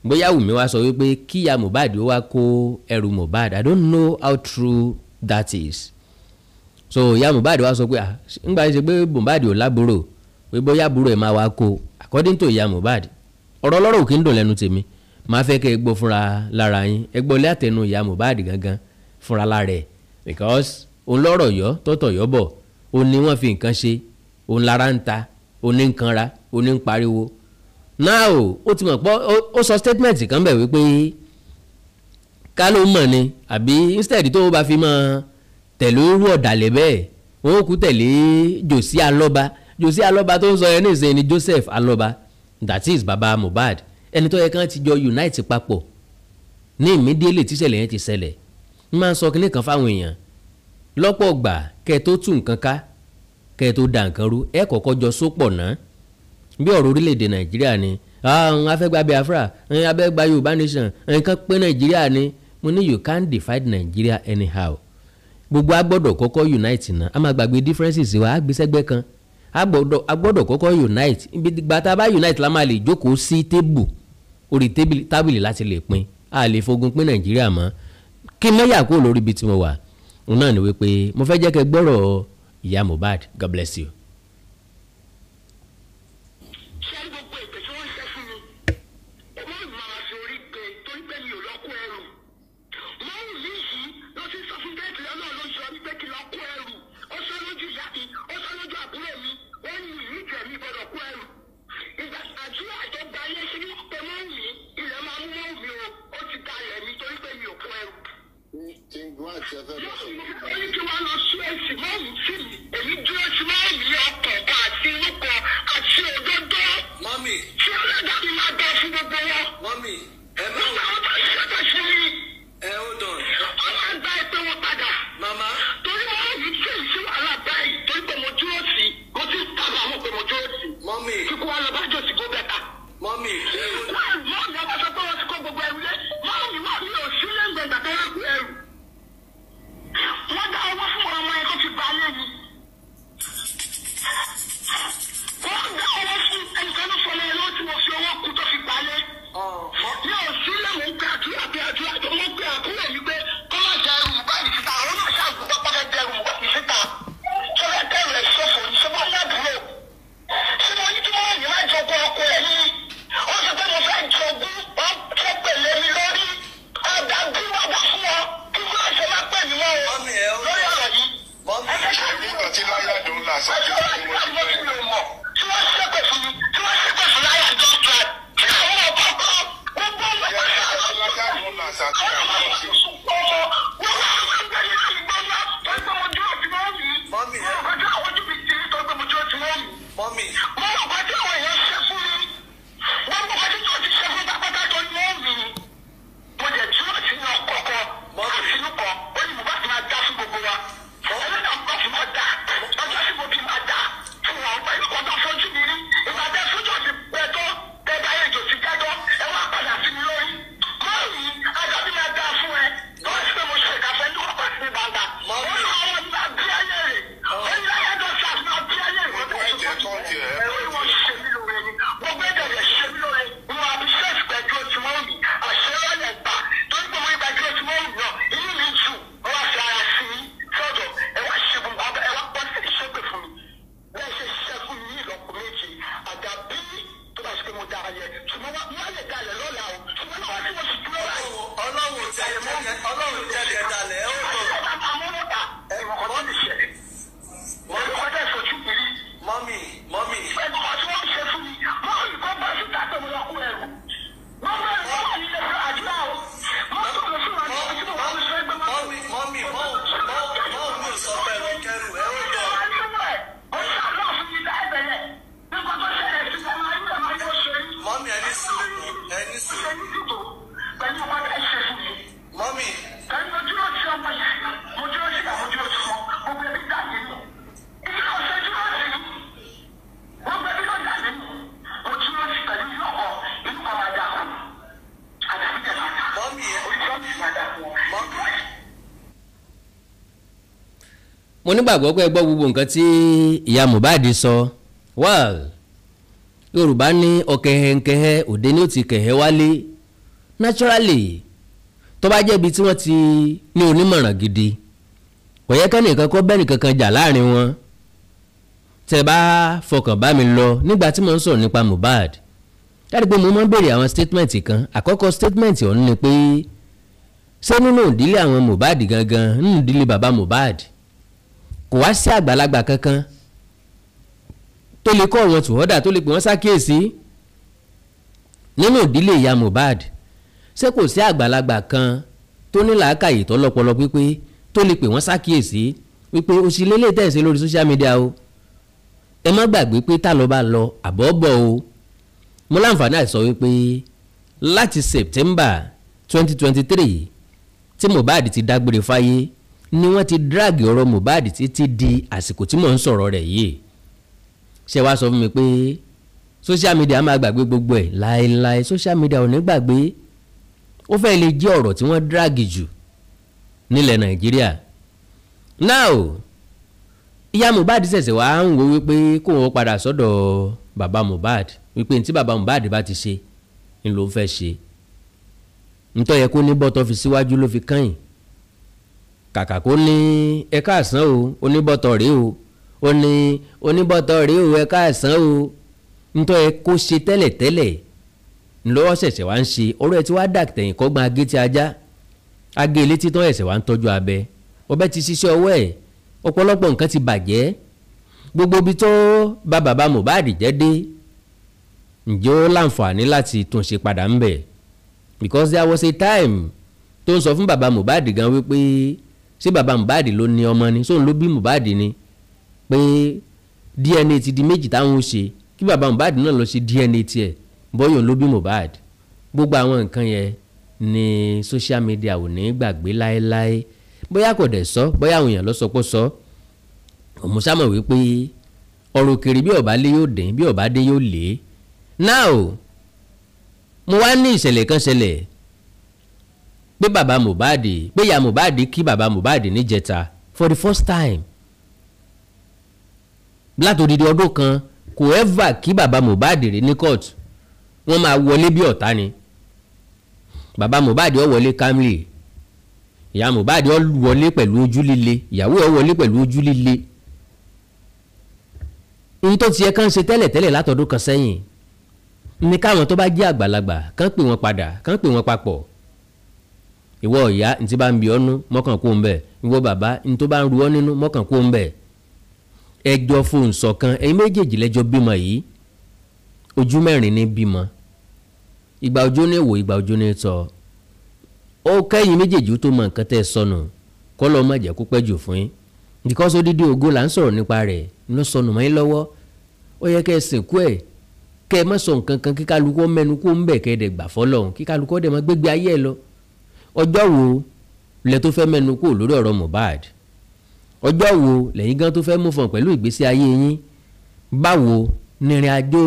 bóyá Wùmí wá sọ wípé kíyà Mohbad ó wá kó ẹrù Mohbad I don't know how true that is so ìyá Mohbad wá sọ pé ah ńgbà ṣe pé Mohbad ò lábúrò pé bóyá àbúrò ẹ̀ máa wá kó o according to ìyá Mohbad ọ̀rọ̀ ọlọ́rọ̀ òkè ń dùn lẹ́nu tèmi máa fẹ́ kẹ́ ẹ gbọ́ fúnra lára yín ẹ gbọ́ lé ìyá Mohbad gangan fúnra lára ẹ̀ because òun lọ́rọ̀ yọ tọ́tọ̀ yọ bọ̀ òun ni wọ́n fi nǹkan ṣe òun lára ń ta òun ní nǹkan ra òun ní ń pariwo now ó ti mọ̀ pọ́ ó sọ statement kan bẹ̀ wípé ká ló mọ̀ ni àbí instead tó o bá fi mọ́ tẹ̀lé orú ọ̀dàlẹ̀ bẹ́ẹ̀ òun kú tẹ̀lé jòsí alọ́ba jose alọba tó ń sọ yẹn ní ìsìn ni joseph alọba that is baba mohbad ẹni tó yẹ kán ti jọ unite papọ̀ ní ìmídíélé tíṣẹ̀lẹ̀ yẹn ti ṣẹlẹ̀ ń máa ń sọ kinní kan fáwọn èèyàn lọ́pọ̀ gbà kẹ́ ẹ tó tú nǹkan ká kẹ́ ẹ tó da nǹkan rú ẹ kọ́kọ́ jọ sópọ̀ náà bí ọ̀rọ̀ orílẹ̀-èdè nàìjíríà ni àwọn afẹ́gbà biafra abẹ́gbà yorùbá nation nǹkan pé nàìjíríà ni mo ní you can't divide nigeria anyhow gbogbo a gbọ́dọ̀ kọ́kọ́ unite náà a máa gbàgbé differences wa á gbé sẹ́gbẹ́ kan a gbọ́dọ̀ kọ́kọ́ unite ibi gbàtà bá unite la máa lè jókòó sí tébù orí tábìlì láti lè pín a lè fogun pín nàìjíríà mọ́ kí mẹ́yà kúrò lórí ibi tí mo wà òun náà ni wípé mo fẹ́ jẹ́ kẹ́ gbọ́rọ̀ ìyá Mohbad God bless you. mọ́mù kí wọ́n lọ sí èsì mọ́mù sí mi èmi dúró sí mọ́mù yẹn ọkọ̀ ọ̀pá àti irúkọ àti òdodo. mọ́mì. tí ọlọ́dà mi máa bẹ fún gbogbo wọn. mọ́mì ẹ má wọ. nígbà wọn bá ṣẹ́gbẹ̀ fún mi. ẹ ó dàn. ọlọ́dà ẹ pé wọn padà. màmá. mo nígbàgbọ́ pé gbọ́ gbogbo nǹkan tí ìyá Mohbad sọ well Yorùbá ní ọ̀kẹ̀hẹ̀nkẹ̀hẹ̀ òde ni ó ti kẹ̀hẹ̀ wálé naturally tó bá jẹ́ ibi tí wọ́n ti ní onímọ̀ràn gidi kò yẹ kẹ́ni kan kọ́ bẹ́ẹ̀ nìkan kan jà láàrin wọn tẹ́ bá fọkàn bá mi lọ nígbà tí mo ń sọ̀rọ̀ nípa Mohbad láti pé mo máa ń béèrè àwọn statement kan àkọ́kọ́ statement ọ̀hún ni pé ṣé nínú ìdílé àwọn Mohbad gangan nínú ìdílé bàbá Mohbad kò wá sí àgbàlagbà kankan tó lè kọ́ wọn tùwọ́dà tó lè pè wọ́n ṣàkíyèsí nínú ìdílé ìyá Mohbad ṣé kò sí àgbàlagbà kan tó ní làákàyè tó lọ́pọlọ pípé tó lè pè wọ́n ṣàkíyèsí wípé o sì lélẹ̀ tẹ̀sí lórí social media o ẹ má gbàgbé pé tá ló bá lọ àbọ̀ bọ̀ o mo láǹfààní àìsọ wípé láti September 2023 tí Mohbad ti dágbére fáyé ni wọ́n ti drag ọ̀rọ̀ Mohbad títí di àsìkò tí mò ń sọ̀rọ̀ rẹ̀ yìí ṣé wàá sọ fún mi pé social media máa gbàgbé gbogbo ẹ̀ láéláé social media ò ní gbàgbé ó fẹ́ lè jẹ́ ọ̀rọ̀ tí wọ́n drag jù nílẹ̀ Nàìjíríà now ìyá Mohbad ṣẹ̀ṣẹ̀ wá ń wo wípé kó wọn padà sọ́dọ̀ bàbá Mohbad wípé tí bàbá Mohbad bá ti ṣe ni ló fẹ́ ṣe ntọ́ yẹ kó ní bọ́tọ̀ fi síwájú ló fi kàn yìí kàkà kó ní ẹ káàsán o oníbọ̀tọ̀ rèé o ó ní oníbọ̀tọ̀ rèé o ẹ káàsán o ntọ́ ẹ kó ṣe tẹ́lẹ̀tẹ́lẹ̀ ńlọ́wọ́ ṣẹ̀ṣẹ̀ wá ń ṣe ọ̀rọ̀ ẹ ti wá dàtẹ̀yìn kọ́gbọ́n agé ti ajá agé ilé títán ẹ̀ṣẹ̀ wá ń tọ́jú abẹ ọbẹ̀ ti ṣiṣẹ́ ọwọ́ ẹ̀ ọ̀pọ̀lọpọ̀ nǹkan ti bàjẹ́ gbogbo ibi tó bá bàbá Mohbad jẹ́ dé ǹjẹ́ ó láǹfààní láti tún ṣe padà ń bẹ̀ because there was a time tó ń sọ fún bàbá Mohbad gan wípé ṣé bàbá Mohbad ló ní ọmọ ni sóun ló bí Mohbad ni pé DNA ti di méjì táwọn ó ṣe kí bàbá Mohbad náà lọ ṣe DNA tiẹ̀ bọ́yọ̀ ló bí Mohbad gbogbo àwọn nǹkan yẹn ni social media ò ní gbàgbé láéláé bóyá kò dẹ̀ sọ bóyá àwọn èèyàn lọ sọ pé sọ òun ṣá mọ̀ wípé ọ̀rọ̀ òkèrè bí ọ̀bá lé yóò dín bí ọ̀bá dé yóò lé náà mo wá ní ìṣẹ̀lẹ̀ kan ṣẹlẹ̀ pé bàbá Mohbad pé ìyá Mohbad kí bàbá Mohbad níjẹta for the first time látòdìdí ọdún kan kò ẹ́fà kí bàbá Mohbad rí ní court wọ́n máa wọlé bí ọ̀tá ni bàbá Mohbad ó wọlé kamli ìyá Mohbad ó wọlé pẹ̀lú ojú líle ìyàwó ó wọlé pẹ̀lú ojú líle ohun tó ti yẹ kán ṣe tẹ́lẹ̀tẹ́lẹ̀ látọdún kan sẹ́yìn ní káwọn tó bá jẹ́ àgbàlagbà kán pè wọ́n padà kán pè wọ́n papọ̀ ìwọ ìyá ntí bá ń bí ọ́nú mọ́kàn kó ń bẹ̀ ìwọ bàbá ntó bá ń ru ọ́ nínú mọ́kàn kó ń bẹ̀ ẹjọ́ fohùn ṣọ̀kan ẹ̀yin méjèèjì lẹ́jọ́ bímọ yìí ojú mẹ́rin ní bímọ ìgbà ojú ní wò ìgbà ojú ní tọ́ ó kẹ́yìn méjèèjì tó mọ nǹkan tẹ́ ẹ sọnù kọ́ lọ́ọ́ má jẹ́ kó pẹ́ jù fún yín because odidi ògo là ń sọ̀rọ̀ nípa rẹ̀ ló sọnù mọ́ yín lọ́wọ́ ó yẹ kẹ́ ẹ sìnkú ẹ̀ kẹ́ ẹ má sọ nǹkan kan kíkálukọ́ mẹ́nu kó ń bẹ̀ kẹ́ ẹ dẹ̀ gbà fọ́lọ́hún kíkálukọ́ dẹ̀ má gbégbé ayé ẹ lọ ọjọ́ wo lẹ tó fẹ́ mẹ́nu kúrò lórí ọ̀rọ̀ Mohbad ọjọ́ wo lẹ́yìn gan tó fẹ́ mú fọ̀n pẹ̀lú ìgbésí ayé yín báwo nìrìn àjò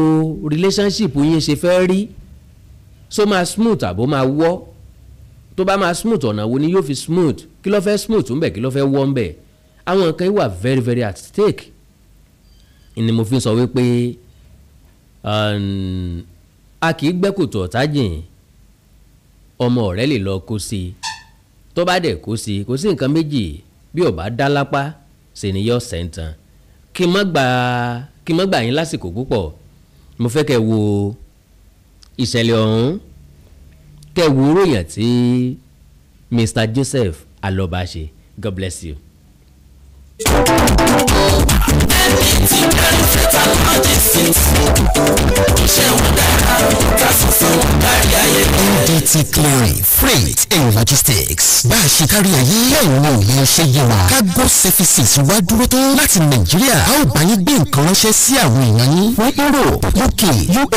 relationship yín ṣe fẹ́ rí so máa smooth àbó máa wọ́ tó bá máa smooth ọ̀nà wo ni yóò fi smooth kí ló fẹ́ smooth ńbẹ̀ kí ló fẹ́ wọ́ ńbẹ̀ àwọn nǹkan yìí wà very very at stake ni mo fi sọ wípé um, a kì í gbẹ́kùtù ọ̀tá jìn ọmọ rẹ lè lọ kó sí i tó bá dẹ̀ kó sí i kò sí nǹkan méjì bí ò bá dá lápá ṣe ni yọ sẹ́ńtàn kí n gbà kí n gbà yín lásìkò púpọ̀ mo fẹ́ kẹ́ wo ìṣẹ̀lẹ̀ ọ̀hún kẹ́ wo ròyìn tí Mr. Joseph Aloba ṣe God bless you ti dẹnu fẹ́ta lọ́jì clearing freight and logistics bá a ṣe kárí ayé lẹ́yìn náà ilé iṣẹ́ yé wa cargo services wá dúró tán láti Nàìjíríà a ó bá yín gbé nǹkan ránṣẹ́ sí àwọn èèyàn yín fún Europe UK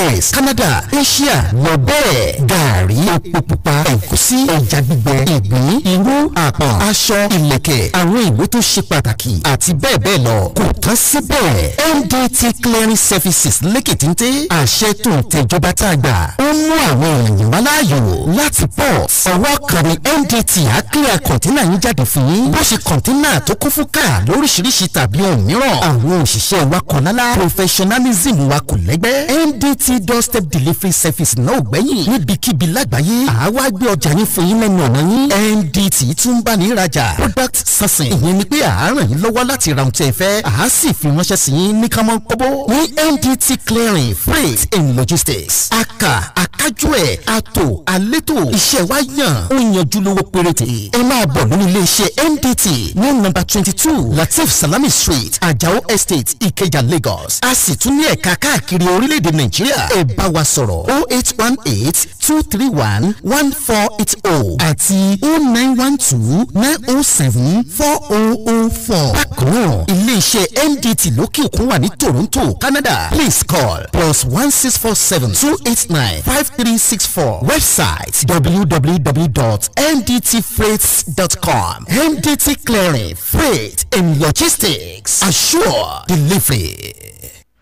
US Canada Asia lọ bẹ́ẹ̀ gàárì epo pupa ẹ̀gúsí ẹja gbígbẹ ìgbín irú àpọ̀n aṣọ ìlẹ̀kẹ̀ àwọn ìwé tó ṣe pàtàkì àti bẹ́ẹ̀ bẹ́ẹ̀ lọ kò tán síbẹ̀ bẹ́ẹ̀ MDT clearing services lẹ́kìtìntì àṣẹ tó ń tẹ̀jọba tá a gbà ó mú àwọn èèyàn wá láàyò láti port ọwọ́ kan ní MDT á clear kọ̀ńtínà yín jáde fún yín bó ṣe kọ̀ńtínà tó kún fún káà lóríṣiríṣi tàbí ohun mìíràn àwọn òṣìṣẹ́ wa kan lálá professionalism wa kò lẹ́gbẹ́ MDT doorstep delivery service náà ò gbẹ́yìn níbikíbi lágbàáyé àwa gbé ọjà yín fún yín lẹ́nu ọ̀nà yín MDT tún bá ní ìrajà product sourcing ìyẹn ni pé à á ràn yín lọ́wọ́ láti ra ohun tí ẹ fẹ́ à sì fi ránṣẹ́ sí yín ní kánmọ́nkóbó ní MDT clearing freight and logistics aka akájú ẹ̀ ato alétò iṣẹ́ wa yàn ó yanjú lówó péréte ẹ máa bọ̀ lórí iléeṣẹ́ MDT ní nọ́mbà twenty two Latif Salami Street Ajao Estate Ikeja Lagos a sì tún ní ẹ̀ka káàkiri orílẹ̀-èdè Nàìjíríà ẹ bá wa sọ̀rọ̀ o oh eight one eight two three one one four eight oh àti o oh nine one two nine oh seven four oh oh four. bákan náà iléeṣẹ́ MDT ló òkè òkun wà ní Toronto Canada please call plus one six four seven two eight nine five three six four website www.ndtfreights.com MDT Clearing Freight and Logistics assure delivery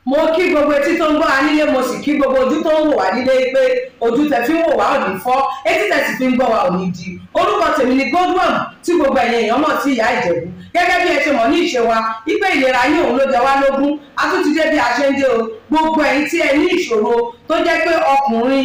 mo kí gbogbo etí tó ń gbọ́ anílé mo sì kí gbogbo ojú tó ń wò wá nílé pé ojú tẹ fi ń wò wá ò ní fọ́ etí tẹ sì fi ń gbọ́ wá ò ní di orúkọ tèmi ni Godwin tí gbogbo ẹ̀yin èèyàn mọ̀ sí ìyá Ìjẹ̀bú gẹ́gẹ́ bí ẹ ṣe mọ̀ ní ìṣe wa ipe ìlera yín òun ló jẹ wá lógún a tún ti dé bí a ṣe ń dé o gbogbo ẹ̀yin tí ẹ ní ìṣòro tó jẹ́ pé ọkùnrin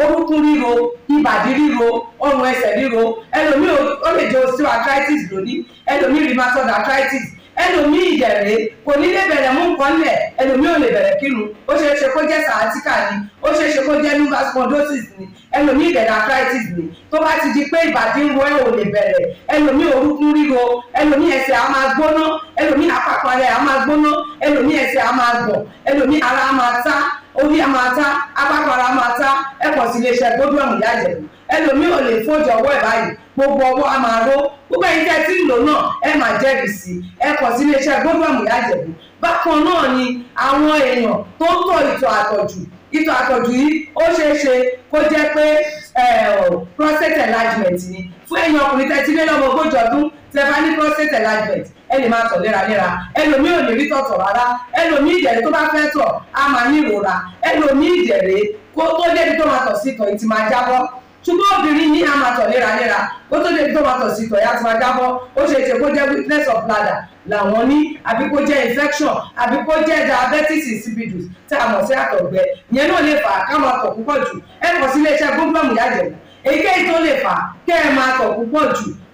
orúkún ríro ìbàdí ríro ọrùn ẹsẹ̀ ríro ẹlòmíì ó lè jẹ osteoarthritis lónìí ẹlòmíì rheumatoid arthritis ẹlòmíì ìdẹ̀rẹ̀ kò ní lè bẹ̀rẹ̀ mú nǹkan lẹ̀ ẹlòmíì ò lè bẹ̀rẹ̀ kírun ó ṣeé ṣe kó jẹ́ sciatica ni ó ṣeé ṣe kó jẹ́ lumbar spondylosis ni ẹlòmíì ìdẹ̀rẹ̀ arthritis ni tó bá ti di pé ìbàdí ń ro ẹ̀ ò lè bẹ̀rẹ̀ ẹlòmíì orúkún ríro ẹlòmíì ẹsẹ̀ á máa gbóná ẹlòmíì àpapọ̀ ara ẹ̀ á máa gbóná ẹlòmíì ẹsẹ̀ á máa gbọ̀n ẹlòmíì ara á máa tá orí a máa ta apákọ̀ọ́ra máa ta ẹ̀pọ̀ sí iléeṣẹ́ gbódú ọ̀hún yájẹ̀ ẹlòmíì ò lè fọ́jọ ọwọ́ ẹ̀ báyìí gbogbo ọwọ́ a máa ró gbogbo ẹ̀yin tẹ́ ẹ ti ń lò náà ẹ máa jẹ́rìí sí ẹ̀pọ̀ sí iléeṣẹ́ gbódú ọ̀hún yájẹ̀ bákan náà ni àwọn èèyàn tó ń tọ̀ ìtọ̀ àtọ̀jù ìtọ̀ àtọ̀jù yìí ó ṣeé ṣe kó jẹ́ pé prostate enlargement ni fún èèyàn ọkùnrin tẹ́ ti lé lọ́mọ ogójì ọdún tẹ́ prostate enlargement ẹ lè máa tọ̀ léraléra ẹlòmíì ò ní rí tọ̀tọ̀ rárá ẹlòmíì ìjẹ̀rẹ̀ tó bá fẹ́ tọ̀ á máa ní ìrora ẹlòmíì ìjẹ̀rẹ̀ kó tó débi tó máa tọ̀ sí tọ̀ ìtì máa jábọ́ ṣùgbọ́n obìnrin ní a máa tọ̀ léraléra kó tó débi tó máa tọ̀ sí tọ̀ ìyá ti máa jábọ́ ó ṣe é ṣe kó jẹ́ weakness of bladder làwọn ní àbí kó jẹ́ infection àbí kó jẹ́ diabetes insipidus tí a mọ̀ sí àtọ̀gbẹ ìyẹn náà lè fà á ká máa tọ̀ púpọ̀ jù ẹ kàn sí iléeṣẹ́ gbogbo àmúyájẹ̀wò èyíkéyìí tó lè fà á kẹ́ ẹ máa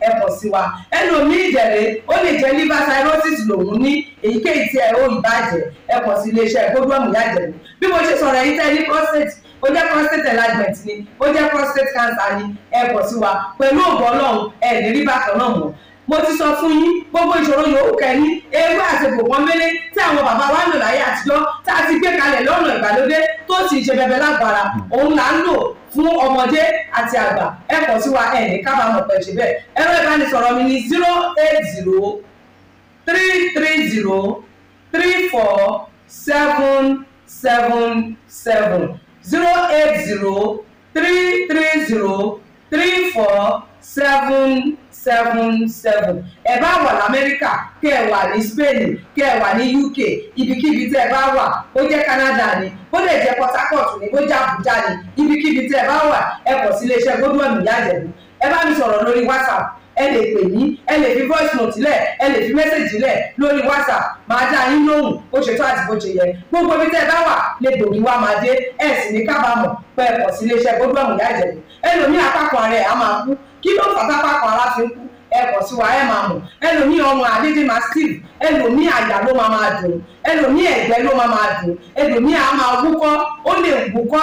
ẹ kàn sí wa ẹlòmíì ìjẹ̀rẹ̀ ó lè jẹ́ liver cirrhosis lòun ní èyíkéyìí tí ẹ ó ìbàjẹ́ ẹ kàn sí iléeṣẹ́ ìgbódùn ọ̀mùyá bí mo ṣe sọ̀rọ̀ yìí tẹ́ prostate ó jẹ́ prostate enlargement ni ó jẹ́ prostate cancer ni ẹ kàn sí wa pẹ̀lú ògbọ́n náà ẹ ní rí bákan náà mọ́ mo ti sọ fún yín gbogbo ìṣòro yòówù kẹ́ni ewé àtẹ̀bò wọn mẹ́lẹ́ tí àwọn bàbá wa lò láyé àtijọ́ tá a ti gbé kalẹ̀ lọ́nà ìgbàlódé tó sì ṣe bẹbẹ lágbára òun là ń lò fún ọmọdé àti àgbà ẹ kọ sí wa ẹ̀ ní kábàámọ̀ pẹ̀ ṣe bẹ́ẹ̀ ẹ̀rọ ìbánisọ̀rọ̀ mi ni zero eight zero three three zero three four seven seven seven zero eight zero three three zero three four seven seven seven ẹ bá wà lamẹ́ríkà kẹ́ ẹ wà ní spain kẹ́ ẹ wà ní uk ibikíbi tẹ́ ẹ bá wà ó jẹ́ canada ni ó lè jẹ́ port harcourt ni ó jẹ́ abuja ni ibikíbi tẹ́ ẹ bá wà ẹ kọ̀ sí iléeṣẹ́ gbódú ẹ̀mí yájẹ̀bù ẹ bá mi sọ̀rọ̀ lórí whatsapp ẹ lè pè mí ẹ lè fi voice note lẹ̀ ẹ lè fi message lẹ̀ lórí whatsapp máa dá yín lóhùn bó ṣe tó àti bó ṣe yẹ gbogbo ibi tẹ́ ẹ bá wà lè gbòógì wá máa dé ẹ sì ní kábàámọ̀ pé ẹ kọ̀ sí iléeṣẹ́ gbódú ẹ̀mí yájẹ̀bù ẹlòmíì apá kan rẹ̀ á máa kú kí ló fà tápá kan ara fi ń kú ẹ kọ̀ sí wa ẹ máa mọ̀ ẹlòmíì ọmọ àdédé máa steve ẹlòmíì àyà ló máa máa dùn ẹlòmíì ẹ̀gbẹ́ ló máa máa dùn ẹlòmíì á máa wúkọ́ ó lè wúkọ́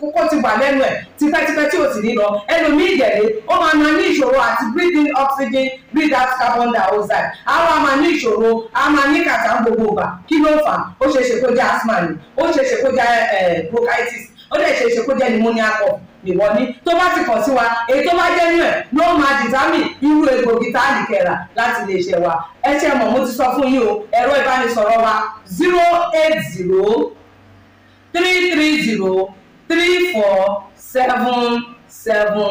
kókó ti wà lẹ́nu ẹ̀ tipẹ́tipẹ́ tí ò sì ní lọ ẹlòmíì ìdẹ̀lẹ́ ó máa máa ní ìṣòro àti breathing oxygen breathe out carbon dioxide á wá máa ní ìṣòro á máa ní kàtà gbogbo gbà kí ló fà ó ṣeéṣe kó jẹ́ asthma ni ó ṣeéṣe kó jẹ́ bronchitis ó dẹ̀ ṣe é ṣe kó jẹ́ pneumonia cough ìwọ ní tó bá ti kàn sí wa èyí tó bá jẹ́ nínú ẹ̀ ló máa dìtámì irú egbògi tá a lè kẹ̀rà láti lè ṣẹ̀ wá ẹ ṣe mọ̀ mo ti sọ fún yín o ẹ̀rọ ìbánisọ̀rọ̀ wa zero eight zero three three zero three four seven seven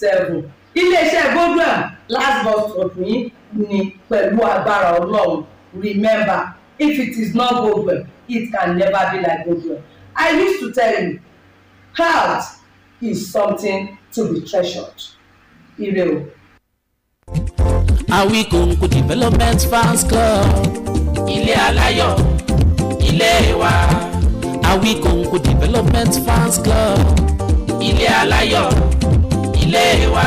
seven iléeṣẹ́ goldwell last but not least ni pẹ̀lú agbára ọlọ́run remember if it is not goldwell it can never be like goldwell i used to tell you health is something to be treasured. Ire o. Awikonko Development Fans Club. Ilé aláyọ̀, ilé wa. Awikonko Development Fans Club. Ilé aláyọ̀, ilé wa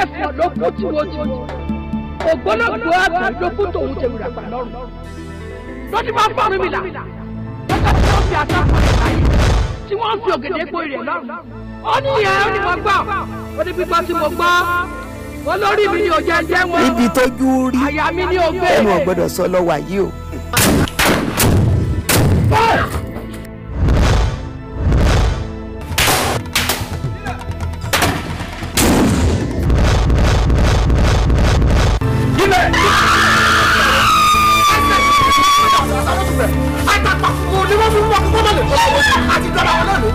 ẹ̀fọ́ ló kú tiwotiwo ògbólógbòó àgbẹ̀ ló kú tòun tèmi ràgbà lọ́rùn lọ́dí bá fọ́ mi là lọ́dọ̀ tí wọ́n fi àtàkùn rẹ̀ láyé tí wọ́n fi ògèdè pò rẹ̀ lọ́rùn ó ní yẹn ó ní mo gbà ó ní pípa tí mo gbọ́ wọn lórí mi ni ò jẹ́ jẹ́ wọn ibi tójú rí àyà mi ni ò gbé ẹnu ò sọ lọ wà o. àti dọ́là wọn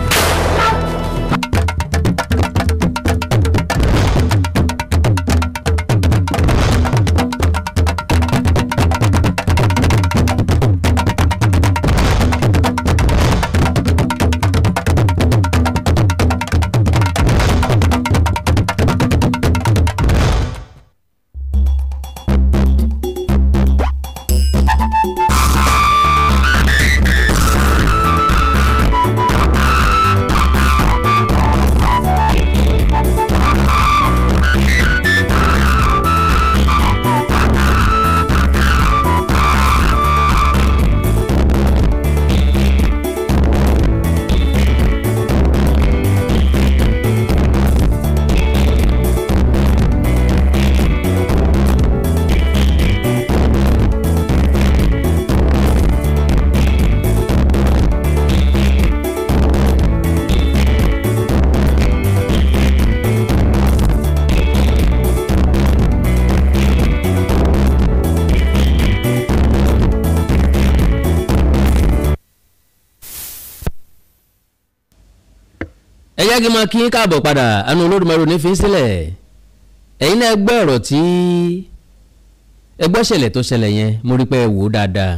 ẹ̀yẹ́gìmọ̀ kí n káàbọ̀ padà àánú Olódùmarè ní fi ń sílẹ̀ ẹ̀yin náà gbọ́ ọ̀rọ̀ tí ẹgbẹ́ ṣẹlẹ̀ tó ṣẹlẹ̀ yẹn mo rí pé ẹ wò ó dáadáa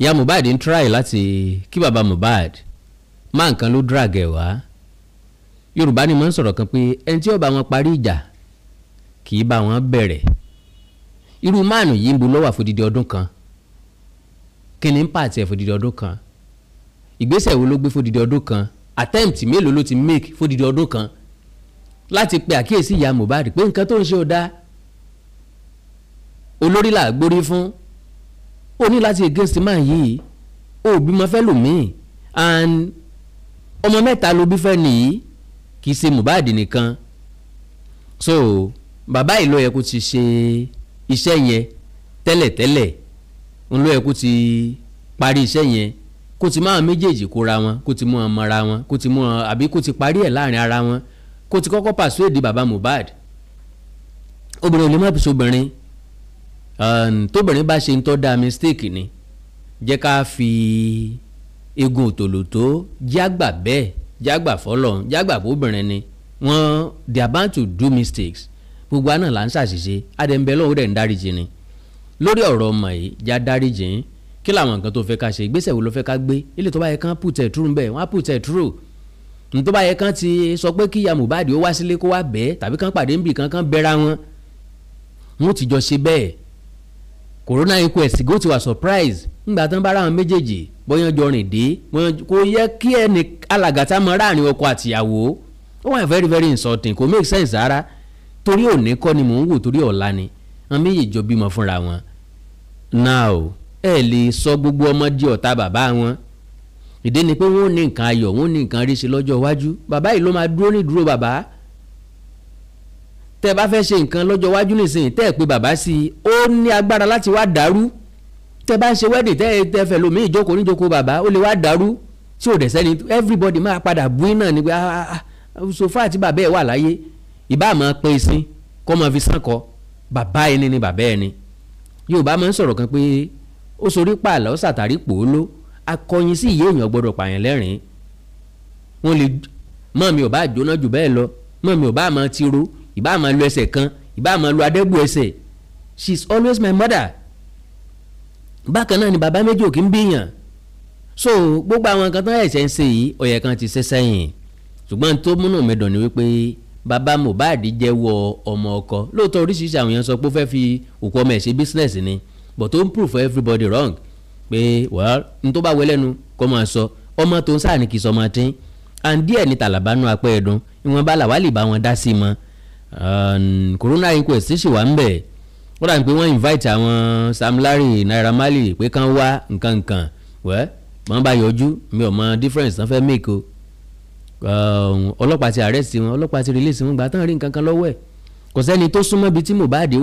ìyá Mohbad ń try láti kí bàbá Mohbad má nǹkan ló drag ẹ̀ wá Yorùbá ni mo ń sọ̀rọ̀ kan pé ẹni tí ó bá wọn parí ìjà kì í bá wọn bẹ̀rẹ̀ irú máàlù yìí ń bu lọ́wọ́ àfòdìdí ọdún kan kí ni ń pàtẹ́ àfòdìdí ọdún kan ìgbésẹ̀ wo ló gbé fòdìdí ọdún kan attempt mélòó ló ti make fódìdí ọdún kan láti pe àkíyèsí ìyá Mohbad pé nǹkan tó ń ṣe ò dáa olórí là gbórí fún ó ní láti against man yìí ó bímọ fẹ́ lòmíì and ọmọ mẹ́ta ló bí fẹ́ nìyí kì í ṣe Mohbad nìkan so bàbá yìí ló yẹ kó ti ṣe iṣẹ́ yẹn tẹ́lẹ̀tẹ́lẹ̀ ń ló yẹ kó ti parí iṣẹ́ yẹn kó ti máa méjèèjì kóra wọn kó ti mú wọn mọra wọn kó ti mú wọn àbí kó ti parí ẹ̀ láàrin ara wọn kó ti kọ́kọ́ pàṣẹ́dì baba Mohbad obìnrin ò lè má bìsọ obìnrin tóbìnrin bá ṣe ń tọ́ da mistake ni jẹ́ ká fi egun òtòlótó jágbà bẹ́ẹ̀ jágbà fọlọ́ jágbà fóbìnrin ni wọ́n they are bound to do mistakes gbogbo àná là ń ṣàṣìṣe adẹ̀ǹbẹ̀ lọ́wọ́ ń dáríjì ni lórí ọ̀rọ̀ ọmọ yìí já dáríjì yín kí làwọn nǹkan tó fẹ́ ká ṣe ìgbésẹ̀ wo ló fẹ́ ká gbé ilé tó bá yẹ kán pùtẹ̀ dúró ńbẹ̀ wọ́n á pùtẹ̀ dúró ní tó bá yẹ kán ti sọ pé ya Mohbad ó wá sílé kó wá bẹ́ẹ̀ tàbí kán pàdé ńbì kán bẹ́ra wọn wọn ò ti jọ ṣe bẹ́ẹ̀ corona surprise ńgbà tán bá méjèèjì bóyá jọ rìn dé kò yẹ kí ẹnì mọ ráàrin very very insulting kò make sense rárá torí òní kọ́ ni mò ń wò torí ọ̀la ni méjèèjì jọ bímọ fúnra wọn ẹ lè sọ gbogbo ọmọ di ọ̀tá bàbá wọn ìdí ni pé wọ́n ní nǹkan ayọ̀ wọ́n ní nǹkan ríṣe lọ́jọ́ iwájú bàbá yìí ló máa dúró ní ìdúró bàbá tẹ́ ẹ bá fẹ́ ṣe nǹkan lọ́jọ́ iwájú nìsín tẹ́ ẹ pé bàbá sí i ó ní agbára láti wá dàrú tẹ́ bá ń ṣe wedding tẹ́ ẹ tẹ́ fẹ́ lómi ìjókòó níjókòó bàbá ó lè wá dàrú tí ò dẹ̀ sẹ́ni everybody máa padà bú iná ni pé ah, ah, ah, sofa àti bàbá ẹ̀ wà láyé ìbá máa pín in sí kọ́ máa fi sànkọ́ bàbá ẹni ni bàbá ẹni Yorùbá máa ń sọ̀rọ̀ kan pé ó sorí pààlà ó sàtàrí pòóló akọyin sí ìyé èèyàn gbọdọ̀ pààyàn lẹ́rìn wọn lè mọ́ mi ò bá jóná jù bẹ́ẹ̀ lọ mọ́ mi ò bá máa tiro ìbá máa lu ẹsẹ̀ kan ìbá máa lu adẹ́gbò ẹsẹ̀ she is always my mother bákan náà ni bàbá méjì ò kí ń bíyàn so gbogbo àwọn kan tó ẹ̀ṣẹ̀ ń ṣe yìí ọ̀yẹ̀ kan ti ṣe sẹ́yìn ṣùgbọ́n tó múnú mi dùn ni wípé bàbá Mohbad jẹ́wọ́ ọmọ ọkọ lóòótọ́ oríṣiríṣi àwọn èèyàn sọ pé ó fẹ́ fi òkú ọmọ ẹ̀ ṣe bísínẹ́sì ni but ó ń prove everybody wrong pé well n tó bá wẹ lẹ́nu kó máa sọ ọmọ tó ń sáà ní kì í sọ máa tín and díẹ̀ ní tàlàbà apẹ́ bá bá wọn dá sí i mọ́ corona inquest sì wà ń bẹ̀ wọ́n pé invite àwọn Sam Naira Marley pé kán wá nǹkan nǹkan wẹ́ wọ́n bá yọjú mi ò mọ difference tán fẹ́ make o um, ọlọ́pàá ti arrest wọn ọlọ́pàá ti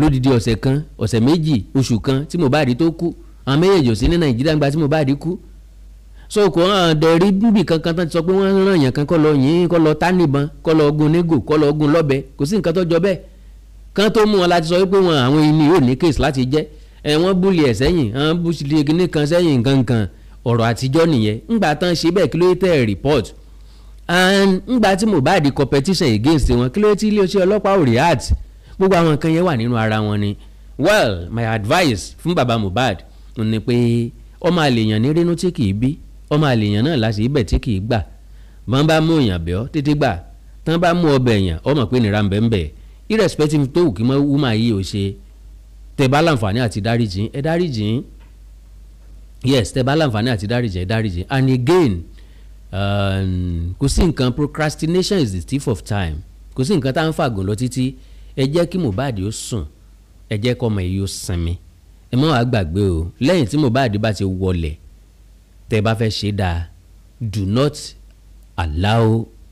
lódìdí ọ̀sẹ̀ kan ọ̀sẹ̀ méjì oṣù kan tí Mohbad tó kú àwọn méjèèjì ò sí ní Nàìjíríà gba tí Mohbad kú so kò hàn dẹ̀rí níbi kankan tán ti sọ pé wọ́n ràn yàn kan kọ́ lọ yìn kọ́ lọ tánìbọn kọ́ lọ gun nígò kọ́ lọ gun lọ́bẹ kò sí nǹkan tó jọ bẹ́ẹ̀ kan tó mú wọn láti sọ wípé wọn àwọn ẹni yóò ní kéèsì láti jẹ́ ẹ wọ́n búlì ẹ̀ sẹ́yìn wọ́n búlì kíní kan sẹ́yìn kankan ọ̀rọ̀ àtijọ́ nìyẹn ńgbà tán ṣe bẹ́ẹ̀ kí ló tẹ̀ report and ńgbà tí Mohbad competition against wọn kí ló tí ilé iṣẹ́ ọlọ́pàá ò react gbogbo àwọn nǹkan yẹn wà nínú ara wọn ni well my advice fún baba Mohbad ni pé ọmọ àlèyàn ní rínú tí kì í bí ọmọ àlèyàn náà láti ibẹ̀ tí kì í gbà wọ́n bá mú èèyàn bẹ́ọ́ títí gbà tán bá mú ọbẹ̀ èèyàn ọmọ pé nira ń bẹ̀ ń bẹ̀ irrespective tó wù kí mọ́ wúmọ̀ yìí ò ṣe tẹ́ bá láǹfààní àti dáríjìn ẹ dáríjìn yes tẹ́ bá láǹfààní àti dáríjìn ẹ dáríjìn and again um, kò sí nǹkan procrastination is the thief of time kò sí nǹkan tá à ń fàgùn lọ títí ẹ jẹ́ kí Mohbad ó sùn ẹ jẹ́ kọ́ ọmọ yìí ó sinmi ẹ má wàá gbàgbé o lẹ́yìn tí Mohbad bá ti wọlé tẹ́ bá fẹ́ ṣe dáa do not allow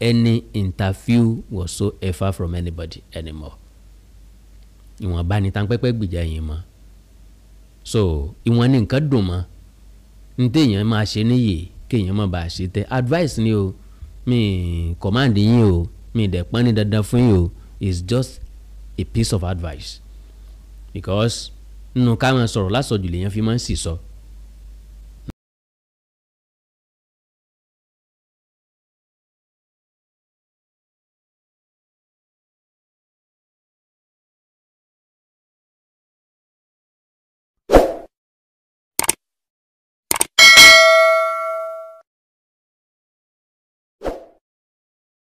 any interview whatsoever from anybody anymore ìwọ̀nba ni tanpẹ́pẹ́ gbìjà yín mọ́ so ìwọ̀n ni nǹkan dùn mọ́ n téèyàn máa ṣe níyè kéèyàn má bàa ṣe tẹ́ advice ni o mi command yín o mi dẹ̀ pọ́n ní dandan fún yín o it's just a piece of advice because nínú ká máa sọ̀rọ̀ lásọ̀jù lèèyàn fi máa ń sì sọ